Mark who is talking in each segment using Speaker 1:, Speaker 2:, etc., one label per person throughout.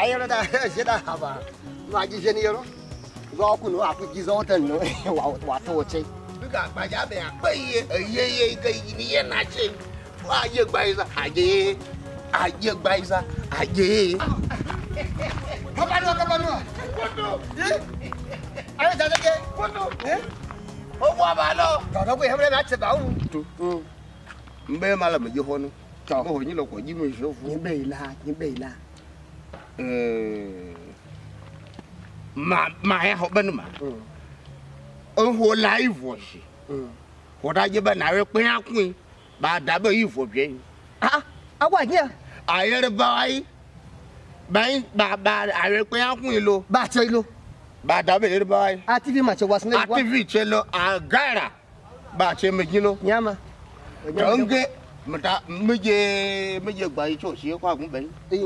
Speaker 1: ayɛrɛ da zeda haba wa dzi zeni yɛrɛ zɔ kunu aku dzi zɔn tɛ nu wa wa tɔ o tse. bi ka agbadza bɛ akpɛ ye eye ye yi ke yi ni yɛ na tse wa ye gba yi za adze ye adze gba yi za adze ye. kɔba nua kɔba nua. kɔtɔ. ayi zazɛ kɛ. kɔtɔ. o bɔ a ba lɔ. dɔdɔ ko yɛrɛ bɛ tɛ ba ŋu. n bɛ ma lamɛ dzi xɔ nu. tɔ o nyi lɔ kɔ dzi mi sɔ fún. nyi bɛ yi la nyi bɛ yi la ma ma ya ho banu ma on ho live wo shi ho da je ba na re pin akun ba da ba yi fo bi ah awa yin ayere ba ai ba ba ba are pin akun lo ba te lo ba da ba re ba ai ativi ma che wasne wa ativi che lo agara ba che meji lo nyama jonge mta meje meje gba yi cho shi ko agun ben eh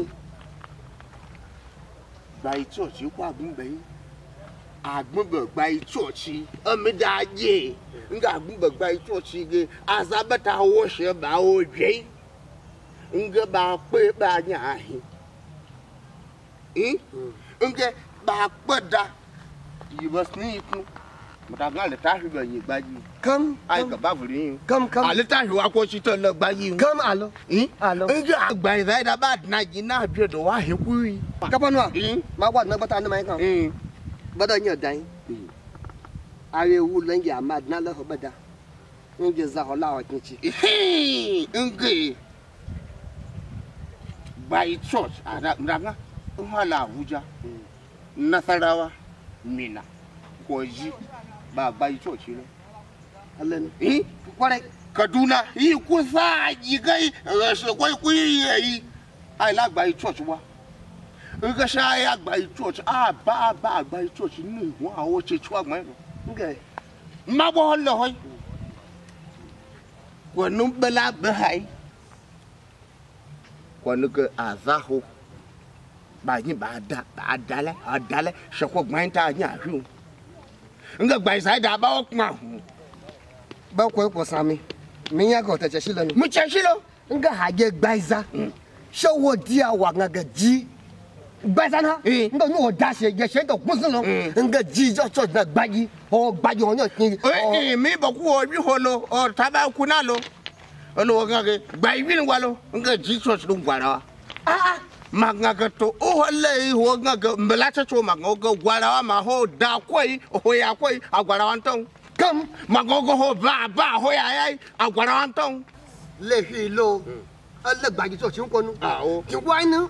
Speaker 1: gba itú ọ̀chí kó àgúnbẹ̀ yín àgúnbẹ̀ gba itú ọ̀chí ọmọdé ayé nga àgúnbẹ̀ gba itú ọ̀chí ge azabẹ́ta wọ́ọ̀ṣẹ́ bá ó hm? hmm. da mutagan le tahi bɛ yen gbaji. kam ayi ka ba fili yin. kam kam ale tahi wa ko sitɔ lɛ gbaji. kam alo. hin alo. n jɔ agbanza yi la b'a dina ji n'a bɛ dɔn wa heku yi. kapanua ma wa dina gbata ne ma ye kan. bada n yɛ dan ye. awo ewu lɛ n jɛ a ma dina lɛ fɔ bɛ da n jɛ zahɔ la wa tiɲɛ. n ge gbayi church ara mutagan n ma la abuja mm. nasarawa mina kɔji ba bai coci ne Allah ne eh Kaduna yi eh, kusa yi gai kwai kuyi yi ai lágbàáyé church wa nga ṣááyé àgbáyé church a bá a bá àgbáyé church nínú ìwọ̀n àwọn ṣe tí wàá gbọ́n ẹ̀ má bọ́ ọ lọ́wọ́ yìí kwanu bela behai kwanu ke azaho ba nyi ba ada ba adalẹ adalẹ ṣẹkọ gbọ́n ta nyi àhùn. ngagbaisa ba okma ba ko ko sami mi ya ko tace shilo ni mu ce shilo nga haje gbaisa so wo dia wa nga ji gbaisa na eh. nga o da se je se to kun sun lo eh. nga ji jo cho na gbaji o gbaji o yan kin eh, eh mi bo ku o bi ho lo o ta ba ku na lo olowo nga ge gba ibi ni wa lo nga ji so sun gbara ah ah magagato uhole ihu ngaga mbelachacho gwarawa maho da koi hoya koi magogo ho ba ba hoya ai agwarawa ntong lehi lo awo ti ah, oh. wai na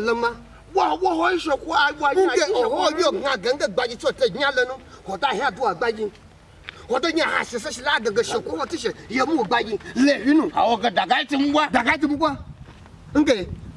Speaker 1: lema wa wa ho osoko e agwa ni ai ho yo ngaganga gbagi to te nya lenu ko ta he adu agbagi wato nya ha shi sashi la daga shi ko wato shi ya mu gbagi lehi nu awo ga dagai ti mwa dagai ti mwa ngai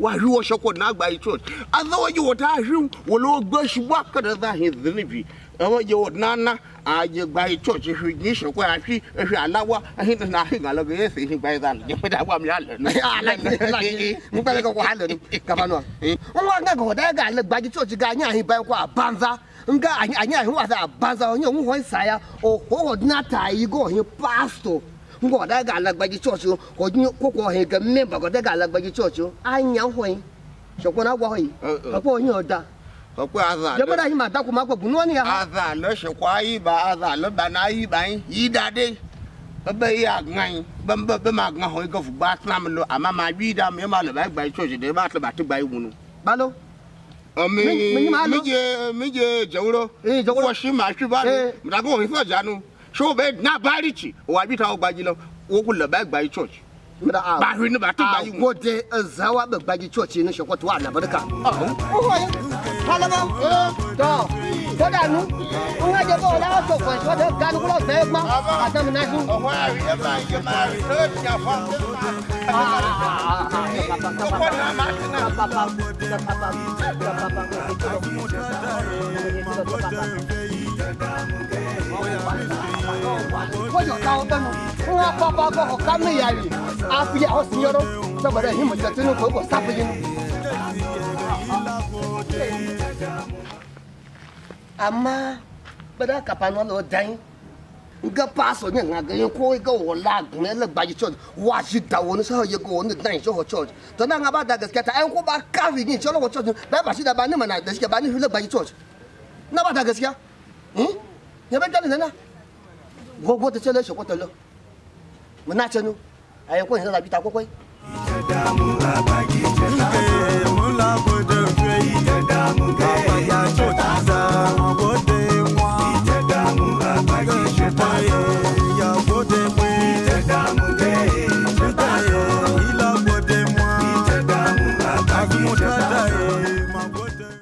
Speaker 1: wahwe wɔhyɛ na agba itron adza wɔgye wɔda ahwew wɔle wɔgba ahyibu akada dza ahedze no bi ɛwɔgye wɔ nana agye gba itron hwe gye hyɛ kɔ ahwe ahwe alawa ahene na ahe gala ga yɛsɛ hwe gba dza no gye pɛda eh? wa mi alɛ no mo pɛlɛ kɔ kɔ alɛ no kaba no wɔn wa nga gɔda ga alɛ gba gye church ga anya ahe ban kɔ abanza nga anya ahe wa sɛ abanza ɔnyɛ ɔmo wɔn saya ɔhɔ ɔdina taa yi gɔ ɔhe pastor ngo da ga la gbaji o ko ni ko ko he ga member ko ga la gbaji o anya ho yin so ko na gwa ho yin apo yin oda ọpẹ aza lọ jẹbọdà yìí máa dákun máa gbọgbùn níwọ nìyà. aza lọ ṣèkọ ayíba aza lọ bàná ayíba yín yí dáadé bẹbẹ yìí àgàn yín bẹbẹ bẹ máa gàn hàn igọfù gbá sinamu lọ àmà máa yí dá mi ẹ máa lọ bá gba ìṣọ̀ṣì dé bá tọ̀ bá ti gba ìwùn nù. balo mi mi jẹ mi jẹ jẹwúrọ wọsi màá ṣubá ni mùtàkùn òfin fọjà nu so bɛ n'a baari ci wa a bɛ o gbaji la o ko labɛn gbaji church. baari ne ba a tɛ gbaji. a ko de zawa bɛ gbaji church ne sɛ ko to a labɛn kan. palama tɔ ń wájú bó ọlọ́wọ́ tó kàn sọ́dọ̀ ganugulọ̀ fẹ́ gbọ́n àtẹ̀mínásù. ọ̀wọ́ àrí ẹ máa yẹ máa rí ló ti fún mi. kókó ni a máa ti náà. bàbá bàbá bàbá bàbá bàbá bàbá bàbá bàbá bàbá bàbá bàbá bàbá bàbá bàbá bàbá bàbá yɔta wo bɛnu ŋa kɔkɔ kɔkɔ kame ya yi afi ya ɔsi yɔrɔ sɔgbɛrɛ yi mo jate ne ko ko safi yi. ama bɛda kapanɔ lɛ o dan nga paaso ne ŋa gɛn ko i ka la gɛn lɛ gbaji church waasi da wo ne sɔrɔ ye ko wo ne dan sɔrɔ church tɔ n'a ŋa b'a da gɛsikɛ ta ɛ ko b'a kaafi ni sɔrɔ wɔ church bɛɛ baasi da ba ne ma na gɛsikɛ ba ne fi lɛ gbaji church n'a b'a da gɛsikɛ hun ɲɛ bɛ jɔnni nana. gogo ta ce lashe kwatalo muna ce nu a yankun yanzu zabi ta kwakwai. Damu a baki